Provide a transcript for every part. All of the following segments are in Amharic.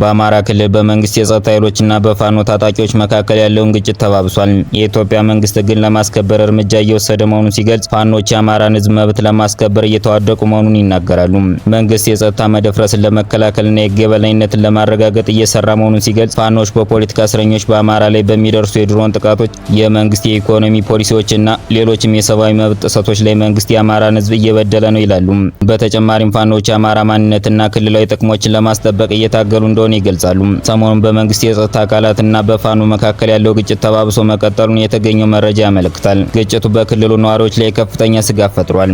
በአማራ ክልል በመንግስት የጸጥታ ኃይሎችና በፋኖ ታጣቂዎች መካከል ያለውን ግጭት ተባብሷል። የኢትዮጵያ መንግስት ግን ለማስከበር እርምጃ እየወሰደ መሆኑን ሲገልጽ፣ ፋኖች የአማራን ህዝብ መብት ለማስከበር እየተዋደቁ መሆኑን ይናገራሉ። መንግስት የጸጥታ መደፍረስን ለመከላከልና የሕግ የበላይነትን ለማረጋገጥ እየሰራ መሆኑን ሲገልጽ፣ ፋኖች በፖለቲካ እስረኞች በአማራ ላይ በሚደርሱ የድሮን ጥቃቶች፣ የመንግስት የኢኮኖሚ ፖሊሲዎችና ሌሎችም የሰብአዊ መብት ጥሰቶች ላይ መንግስት የአማራን ህዝብ እየበደለ ነው ይላሉ። በተጨማሪም ፋኖች የአማራ ማንነትና ክልላዊ ጥቅሞችን ለማስጠበቅ እየታገሉ እንደ እንደሆነ ይገልጻሉ። ሰሞኑን በመንግስት የጸጥታ አካላትና በፋኖ መካከል ያለው ግጭት ተባብሶ መቀጠሉን የተገኘው መረጃ ያመለክታል። ግጭቱ በክልሉ ነዋሪዎች ላይ ከፍተኛ ስጋት ፈጥሯል።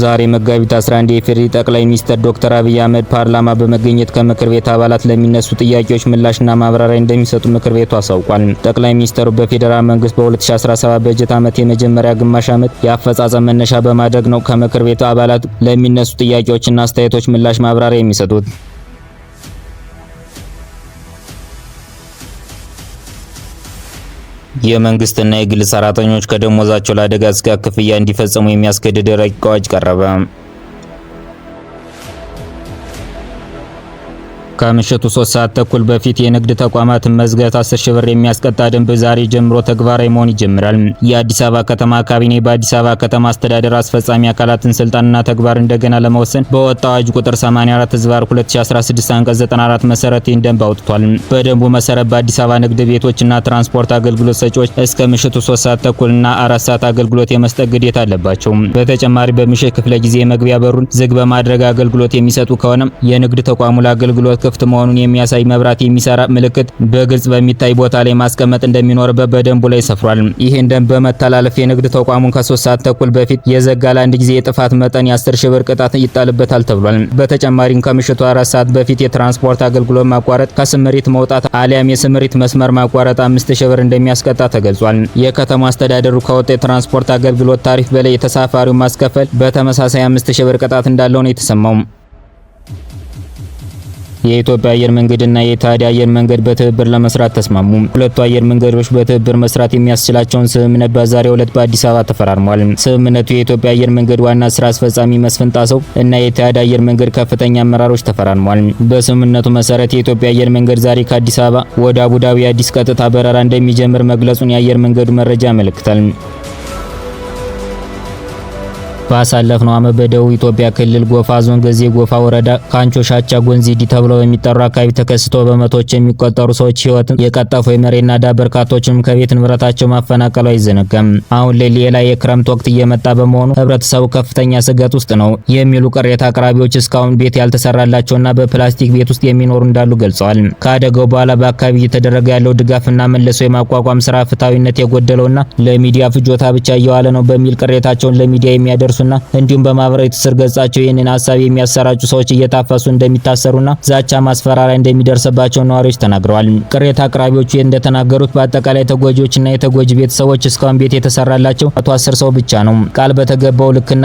ዛሬ መጋቢት 11 የኢፌዴሪ ጠቅላይ ሚኒስትር ዶክተር አብይ አህመድ ፓርላማ በመገኘት ከምክር ቤት አባላት ለሚነሱ ጥያቄዎች ምላሽና ማብራሪያ እንደሚሰጡ ምክር ቤቱ አሳውቋል። ጠቅላይ ሚኒስትሩ በፌዴራል መንግስት በ2017 በጀት ዓመት የመጀመሪያ ግማሽ ዓመት የአፈጻጸም መነሻ በማድረግ ነው ከምክር ቤቱ አባላት ለሚነሱ ጥያቄዎችና አስተያየቶች ምላሽ ማብራሪያ የሚሰጡት። የመንግስትና የግል ሰራተኞች ከደሞዛቸው ለአደጋ ስጋት ክፍያ እንዲፈጽሙ የሚያስገድድ ረቂቅ አዋጅ ቀረበ። ከምሽቱ ሶስት ሰዓት ተኩል በፊት የንግድ ተቋማትን መዝጋት አስር ሺህ ብር የሚያስቀጣ ደንብ ዛሬ ጀምሮ ተግባራዊ መሆን ይጀምራል። የአዲስ አበባ ከተማ ካቢኔ በአዲስ አበባ ከተማ አስተዳደር አስፈጻሚ አካላትን ስልጣንና ተግባር እንደገና ለመወሰን በወጣው አዋጅ ቁጥር 84 ዝባር 2016 አንቀጽ 94 መሰረት ይህን ደንብ አውጥቷል። በደንቡ መሰረት በአዲስ አበባ ንግድ ቤቶችና ትራንስፖርት አገልግሎት ሰጪዎች እስከ ምሽቱ 3 ሰዓት ተኩልና 4 ሰዓት አገልግሎት የመስጠት ግዴታ አለባቸው። በተጨማሪ በምሽት ክፍለ ጊዜ የመግቢያ በሩን ዝግ በማድረግ አገልግሎት የሚሰጡ ከሆነም የንግድ ተቋሙ ለአገልግሎት ክፍት መሆኑን የሚያሳይ መብራት የሚሰራ ምልክት በግልጽ በሚታይ ቦታ ላይ ማስቀመጥ እንደሚኖርበት በደንቡ ላይ ሰፍሯል። ይህን ደንብ በመተላለፍ የንግድ ተቋሙን ከሶስት ሰዓት ተኩል በፊት የዘጋ ለአንድ ጊዜ የጥፋት መጠን 10 ሺህ ብር ቅጣት ይጣልበታል ተብሏል። በተጨማሪም ከምሽቱ አራት ሰዓት በፊት የትራንስፖርት አገልግሎት ማቋረጥ፣ ከስምሪት መውጣት አሊያም የስምሪት መስመር ማቋረጥ ሺህ ብር እንደሚያስቀጣ ተገልጿል። የከተማ አስተዳደሩ ከወጣ የትራንስፖርት አገልግሎት ታሪፍ በላይ የተሳፋሪው ማስከፈል በተመሳሳይ ሺህ ብር ቅጣት እንዳለው ነው የተሰማው። የኢትዮጵያ አየር መንገድና የኢታሊያ አየር መንገድ በትብብር ለመስራት ተስማሙ። ሁለቱ አየር መንገዶች በትብብር መስራት የሚያስችላቸውን ስምምነት በዛሬው ዕለት በአዲስ አበባ ተፈራርሟል። ስምምነቱ የኢትዮጵያ አየር መንገድ ዋና ስራ አስፈጻሚ መስፍን ጣሰው እና የኢታሊያ አየር መንገድ ከፍተኛ አመራሮች ተፈራርሟል። በስምምነቱ መሰረት የኢትዮጵያ አየር መንገድ ዛሬ ከአዲስ አበባ ወደ አቡዳቢ አዲስ ቀጥታ በረራ እንደሚጀምር መግለጹን የአየር መንገዱ መረጃ ያመለክታል። ባሳለፍነው ዓመት በደቡብ ኢትዮጵያ ክልል ጎፋ ዞን ገዜ ጎፋ ወረዳ ካንቾ ሻቻ ጎንዚዲ ተብለው የሚጠሩ አካባቢ ተከስተው በመቶዎች የሚቆጠሩ ሰዎች ህይወት የቀጠፈው የመሬና ዳ በርካቶችንም ከቤት ንብረታቸው ማፈናቀሉ አይዘነጋም። አሁን ላይ ሌላ የክረምት ወቅት እየመጣ በመሆኑ ህብረተሰቡ ከፍተኛ ስጋት ውስጥ ነው የሚሉ ቅሬታ አቅራቢዎች እስካሁን ቤት ያልተሰራላቸውና በፕላስቲክ ቤት ውስጥ የሚኖሩ እንዳሉ ገልጸዋል። ከአደጋው በኋላ በአካባቢ እየተደረገ ያለው ድጋፍና መልሶ የማቋቋም ስራ ፍትሐዊነት የጎደለውና ለሚዲያ ፍጆታ ብቻ እየዋለ ነው በሚል ቅሬታቸውን ለሚዲያ የሚያደርሱ እንደሚከሱና እንዲሁም በማህበራዊ ትስስር ገጻቸው ይህንን ሀሳብ የሚያሰራጩ ሰዎች እየታፈሱ እንደሚታሰሩና ዛቻ ማስፈራሪያ እንደሚደርስባቸው ነዋሪዎች ተናግረዋል። ቅሬታ አቅራቢዎቹ እንደተናገሩት በአጠቃላይ ተጎጂዎችና የተጎጂ ቤተሰቦች እስካሁን ቤት የተሰራላቸው አቶ አስር ሰው ብቻ ነው። ቃል በተገባው ልክና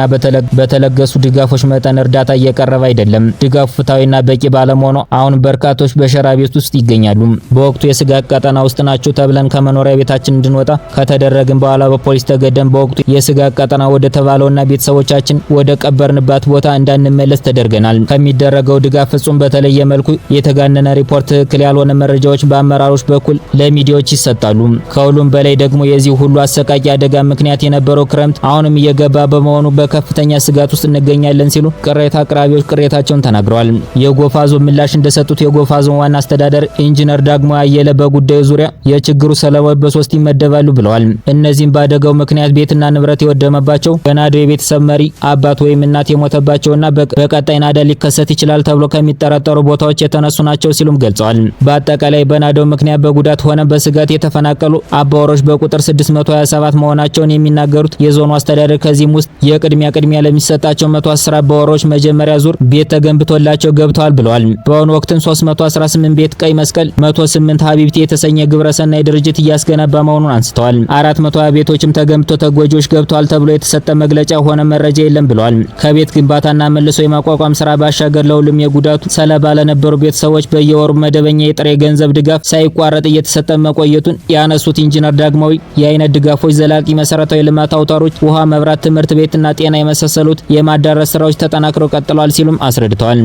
በተለገሱ ድጋፎች መጠን እርዳታ እየቀረበ አይደለም። ድጋፉ ፍትሐዊና በቂ ባለመሆኑ አሁን በርካቶች በሸራ ቤት ውስጥ ይገኛሉ። በወቅቱ የስጋት ቀጠና ውስጥ ናቸው ተብለን ከመኖሪያ ቤታችን እንድንወጣ ከተደረግን በኋላ በፖሊስ ተገደን በወቅቱ የስጋት ቀጠና ወደ ተባለውና ቤት ቤተሰቦቻችን ወደ ቀበርንባት ቦታ እንዳንመለስ ተደርገናል። ከሚደረገው ድጋፍ ፍጹም በተለየ መልኩ የተጋነነ ሪፖርት፣ ትክክል ያልሆነ መረጃዎች በአመራሮች በኩል ለሚዲያዎች ይሰጣሉ። ከሁሉም በላይ ደግሞ የዚህ ሁሉ አሰቃቂ አደጋ ምክንያት የነበረው ክረምት አሁንም እየገባ በመሆኑ በከፍተኛ ስጋት ውስጥ እንገኛለን ሲሉ ቅሬታ አቅራቢዎች ቅሬታቸውን ተናግረዋል። የጎፋ ዞን ምላሽ እንደሰጡት የጎፋ ዞን ዋና አስተዳደር ኢንጂነር ዳግሞ አየለ በጉዳዩ ዙሪያ የችግሩ ሰለባዎች በሶስት ይመደባሉ ብለዋል። እነዚህም በአደጋው ምክንያት ቤትና ንብረት የወደመባቸው ገናዶ የቤተሰብ የቤተሰብ መሪ፣ አባት ወይም እናት የሞተባቸውና በቀጣይ ናዳ ሊከሰት ይችላል ተብሎ ከሚጠረጠሩ ቦታዎች የተነሱ ናቸው ሲሉም ገልጸዋል። በአጠቃላይ በናዳው ምክንያት በጉዳት ሆነ በስጋት የተፈናቀሉ አባወሮች በቁጥር 627 መሆናቸውን የሚናገሩት የዞኑ አስተዳደር ከዚህም ውስጥ የቅድሚያ ቅድሚያ ለሚሰጣቸው 110 አባወሮች መጀመሪያ ዙር ቤት ተገንብቶላቸው ገብተዋል ብለዋል። በአሁኑ ወቅትም 318 ቤት ቀይ መስቀል 108 ሀቢብቴ የተሰኘ ግብረሰናይ ድርጅት እያስገነባ መሆኑን አንስተዋል። 420 ቤቶችም ተገንብቶ ተጎጂዎች ገብተዋል ተብሎ የተሰጠ መግለጫ ሆነ የሆነ መረጃ የለም ብለዋል። ከቤት ግንባታና መልሶ የማቋቋም ስራ ባሻገር ለሁሉም የጉዳቱ ሰለባ ለነበሩ ቤተሰቦች በየወሩ መደበኛ የጥሬ ገንዘብ ድጋፍ ሳይቋረጥ እየተሰጠ መቆየቱን ያነሱት ኢንጂነር ዳግማዊ የአይነት ድጋፎች ዘላቂ መሰረታዊ ልማት አውታሮች ውሃ፣ መብራት፣ ትምህርት ቤትና ጤና የመሳሰሉት የማዳረስ ስራዎች ተጠናክረው ቀጥለዋል ሲሉም አስረድተዋል።